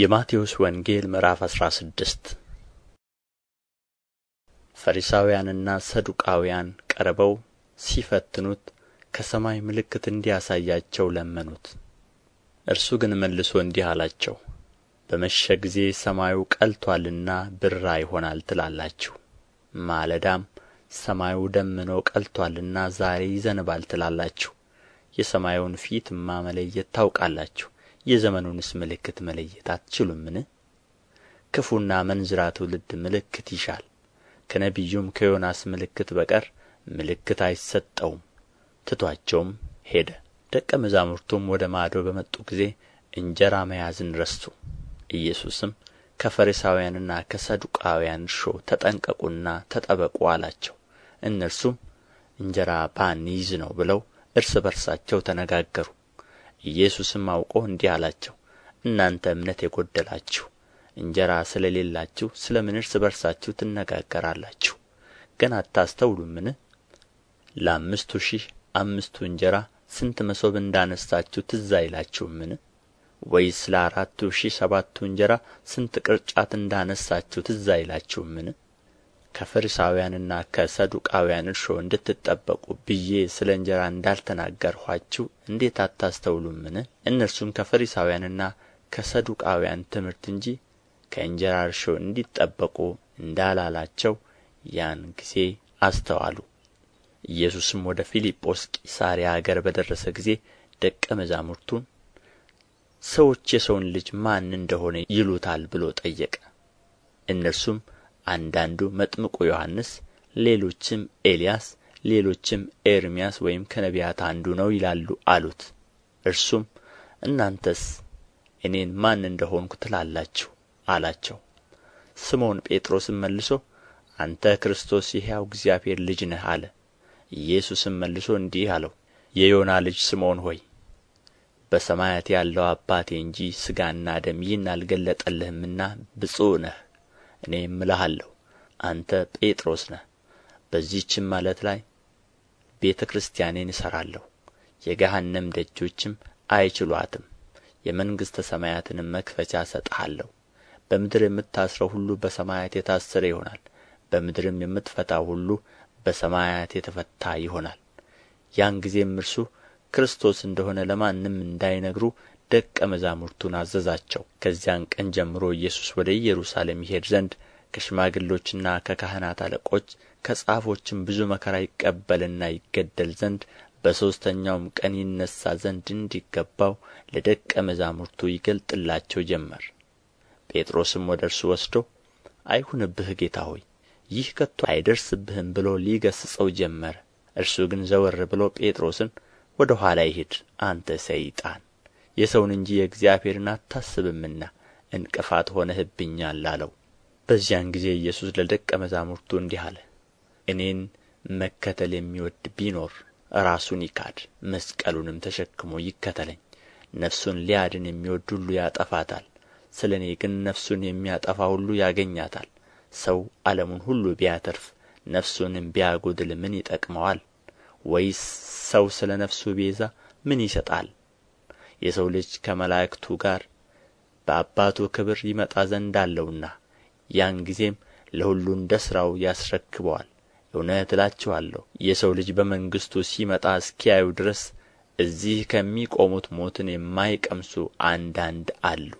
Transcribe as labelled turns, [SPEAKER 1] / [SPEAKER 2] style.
[SPEAKER 1] የማቴዎስ ወንጌል ምዕራፍ 16 ፈሪሳውያንና ሰዱቃውያን ቀርበው ሲፈትኑት ከሰማይ ምልክት እንዲያሳያቸው ለመኑት እርሱ ግን መልሶ እንዲህ አላቸው በመሸ ጊዜ ሰማዩ ቀልቶአልና ብራ ይሆናል ትላላችሁ ማለዳም ሰማዩ ደምኖ ቀልቶአልና ዛሬ ይዘንባል ትላላችሁ የሰማዩን ፊትማ መለየት ታውቃላችሁ የዘመኑንስ ምልክት መለየት አትችሉምን ክፉና መንዝራ ትውልድ ምልክት ይሻል ከነቢዩም ከዮናስ ምልክት በቀር ምልክት አይሰጠውም ትቶአቸውም ሄደ ደቀ መዛሙርቱም ወደ ማዶ በመጡ ጊዜ እንጀራ መያዝን ረሱ ኢየሱስም ከፈሪሳውያንና ከሰዱቃውያን እርሾ ተጠንቀቁና ተጠበቁ አላቸው እነርሱም እንጀራ ባንይዝ ነው ብለው እርስ በርሳቸው ተነጋገሩ ኢየሱስም አውቆ እንዲህ አላቸው እናንተ እምነት የጎደላችሁ እንጀራ ስለሌላችሁ ስለ ምን እርስ በርሳችሁ ትነጋገራላችሁ ገና አታስተውሉምን ለአምስቱ ሺህ አምስቱ እንጀራ ስንት መሶብ እንዳነሳችሁ ትዝ አይላችሁምን ወይስ ለአራቱ ሺህ ሰባቱ እንጀራ ስንት ቅርጫት እንዳነሳችሁ ትዝ አይላችሁምን ከፈሪሳውያንና ከሰዱቃውያን እርሾ እንድትጠበቁ ብዬ ስለ እንጀራ እንዳልተናገርኋችሁ እንዴት አታስተውሉምን እነርሱም ከፈሪሳውያንና ከሰዱቃውያን ትምህርት እንጂ ከእንጀራ እርሾ እንዲጠበቁ እንዳላላቸው ያን ጊዜ አስተዋሉ ኢየሱስም ወደ ፊልጶስ ቂሳርያ አገር በደረሰ ጊዜ ደቀ መዛሙርቱን ሰዎች የሰውን ልጅ ማን እንደሆነ ይሉታል ብሎ ጠየቀ እነርሱም አንዳንዱ መጥምቁ ዮሐንስ ሌሎችም ኤልያስ ሌሎችም ኤርምያስ ወይም ከነቢያት አንዱ ነው ይላሉ አሉት እርሱም እናንተስ እኔን ማን እንደ ሆንሁ ትላላችሁ አላቸው ስምዖን ጴጥሮስም መልሶ አንተ ክርስቶስ የሕያው እግዚአብሔር ልጅ ነህ አለ ኢየሱስም መልሶ እንዲህ አለው የዮና ልጅ ስምዖን ሆይ በሰማያት ያለው አባቴ እንጂ ሥጋና ደም ይህን አልገለጠልህምና ብፁዕ ነህ እኔም እልሃለሁ አንተ ጴጥሮስ ነህ በዚችም ዓለት ላይ ቤተ ክርስቲያኔን እሠራለሁ የገሃነም ደጆችም አይችሏትም። የመንግሥተ ሰማያትንም መክፈቻ እሰጥሃለሁ በምድር የምታስረው ሁሉ በሰማያት የታሰረ ይሆናል በምድርም የምትፈታው ሁሉ በሰማያት የተፈታ ይሆናል ያን ጊዜም እርሱ ክርስቶስ እንደሆነ ለማንም እንዳይነግሩ ደቀ መዛሙርቱን አዘዛቸው ከዚያን ቀን ጀምሮ ኢየሱስ ወደ ኢየሩሳሌም ይሄድ ዘንድ ከሽማግሎችና ከካህናት አለቆች ከጻፎችም ብዙ መከራ ይቀበልና ይገደል ዘንድ በሦስተኛውም ቀን ይነሣ ዘንድ እንዲገባው ለደቀ መዛሙርቱ ይገልጥላቸው ጀመር ጴጥሮስም ወደ እርሱ ወስዶ አይሁንብህ ጌታ ሆይ ይህ ከቶ አይደርስብህም ብሎ ሊገሥጸው ጀመረ እርሱ ግን ዘወር ብሎ ጴጥሮስን ወደ ኋላ ይሂድ፣ አንተ ሰይጣን የሰውን እንጂ የእግዚአብሔርን አታስብምና እንቅፋት ሆነህብኛል አለው በዚያን ጊዜ ኢየሱስ ለደቀ መዛሙርቱ እንዲህ አለ እኔን መከተል የሚወድ ቢኖር ራሱን ይካድ መስቀሉንም ተሸክሞ ይከተለኝ ነፍሱን ሊያድን የሚወድ ሁሉ ያጠፋታል ስለ እኔ ግን ነፍሱን የሚያጠፋ ሁሉ ያገኛታል ሰው ዓለሙን ሁሉ ቢያተርፍ ነፍሱንም ቢያጎድል ምን ይጠቅመዋል ወይስ ሰው ስለ ነፍሱ ቤዛ ምን ይሰጣል የሰው ልጅ ከመላእክቱ ጋር በአባቱ ክብር ይመጣ ዘንድ አለውና ያን ጊዜም ለሁሉ እንደ ሥራው ያስረክበዋል እውነት እላችኋለሁ የሰው ልጅ በመንግሥቱ ሲመጣ እስኪያዩ ድረስ እዚህ ከሚቆሙት ሞትን የማይቀምሱ አንዳንድ አሉ